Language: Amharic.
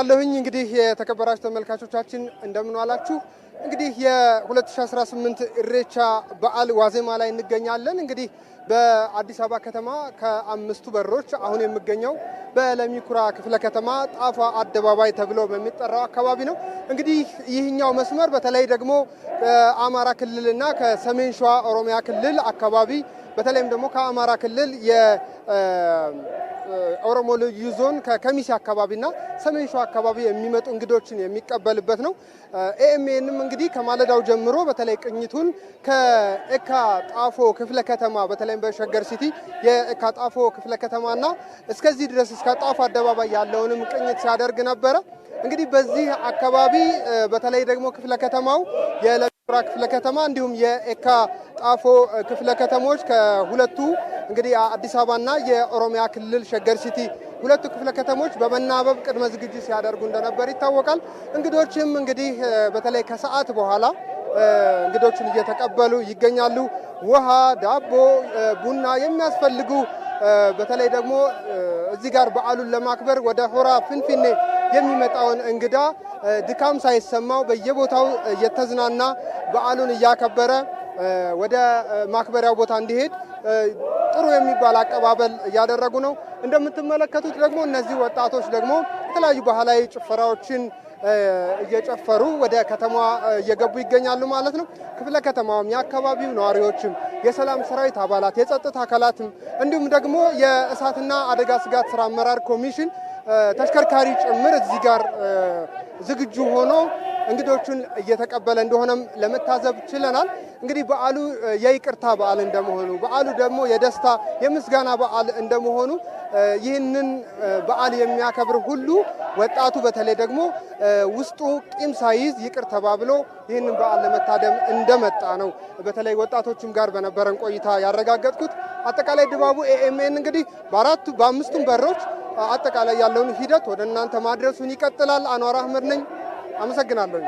አመሰግናለሁኝ። እንግዲህ የተከበራችሁ ተመልካቾቻችን እንደምን ዋላችሁ? እንግዲህ የ2018 ኢሬቻ በዓል ዋዜማ ላይ እንገኛለን። እንግዲህ በአዲስ አበባ ከተማ ከአምስቱ በሮች አሁን የምገኘው በለሚኩራ ክፍለ ከተማ ጣፋ አደባባይ ተብሎ በሚጠራው አካባቢ ነው። እንግዲህ ይህኛው መስመር በተለይ ደግሞ ከአማራ ክልልና ከሰሜን ሸዋ ኦሮሚያ ክልል አካባቢ በተለይም ደግሞ ከአማራ ክልል ኦሮሞ ልዩ ዞን ከከሚሴ አካባቢና ሰሜን ሸዋ አካባቢ የሚመጡ እንግዶችን የሚቀበልበት ነው። ኤኤምኤንም እንግዲህ ከማለዳው ጀምሮ በተለይ ቅኝቱን ከእካ ጣፎ ክፍለ ከተማ በተለይም በሸገር ሲቲ የእካ ጣፎ ክፍለ ከተማና እስከዚህ ድረስ እስከ ጣፎ አደባባይ ያለውንም ቅኝት ሲያደርግ ነበረ። እንግዲህ በዚህ አካባቢ በተለይ ደግሞ ክፍለ ከተማው ራ ክፍለ ከተማ እንዲሁም የኤካ ጣፎ ክፍለ ከተሞች ከሁለቱ እንግዲህ አዲስ አበባና የኦሮሚያ ክልል ሸገር ሲቲ ሁለቱ ክፍለ ከተሞች በመናበብ ቅድመ ዝግጅት ሲያደርጉ እንደነበር ይታወቃል። እንግዶችም እንግዲህ በተለይ ከሰዓት በኋላ እንግዶችን እየተቀበሉ ይገኛሉ። ውሃ፣ ዳቦ፣ ቡና የሚያስፈልጉ በተለይ ደግሞ እዚህ ጋር በዓሉን ለማክበር ወደ ሆራ ፍንፊኔ የሚመጣውን እንግዳ ድካም ሳይሰማው በየቦታው እየተዝናና በዓሉን እያከበረ ወደ ማክበሪያው ቦታ እንዲሄድ ጥሩ የሚባል አቀባበል እያደረጉ ነው። እንደምትመለከቱት ደግሞ እነዚህ ወጣቶች ደግሞ የተለያዩ ባህላዊ ጭፈራዎችን እየጨፈሩ ወደ ከተማዋ እየገቡ ይገኛሉ ማለት ነው። ክፍለ ከተማውም የአካባቢው ነዋሪዎችም፣ የሰላም ሰራዊት አባላት፣ የጸጥታ አካላትም እንዲሁም ደግሞ የእሳትና አደጋ ስጋት ስራ አመራር ኮሚሽን ተሽከርካሪ ጭምር እዚህ ጋር ዝግጁ ሆኖ እንግዶቹን እየተቀበለ እንደሆነም ለመታዘብ ችለናል። እንግዲህ በዓሉ የይቅርታ በዓል እንደመሆኑ በዓሉ ደግሞ የደስታ የምስጋና በዓል እንደመሆኑ ይህንን በዓል የሚያከብር ሁሉ ወጣቱ በተለይ ደግሞ ውስጡ ቂም ሳይዝ ይቅር ተባብሎ ይህንን በዓል ለመታደም እንደመጣ ነው በተለይ ወጣቶችም ጋር በነበረን ቆይታ ያረጋገጥኩት። አጠቃላይ ድባቡ ኤኤምኤን እንግዲህ በአራቱ በአምስቱም በሮች አጠቃላይ ያለውን ሂደት ወደ እናንተ ማድረሱን ይቀጥላል። አኗር አህመድ ነኝ። አመሰግናለሁ።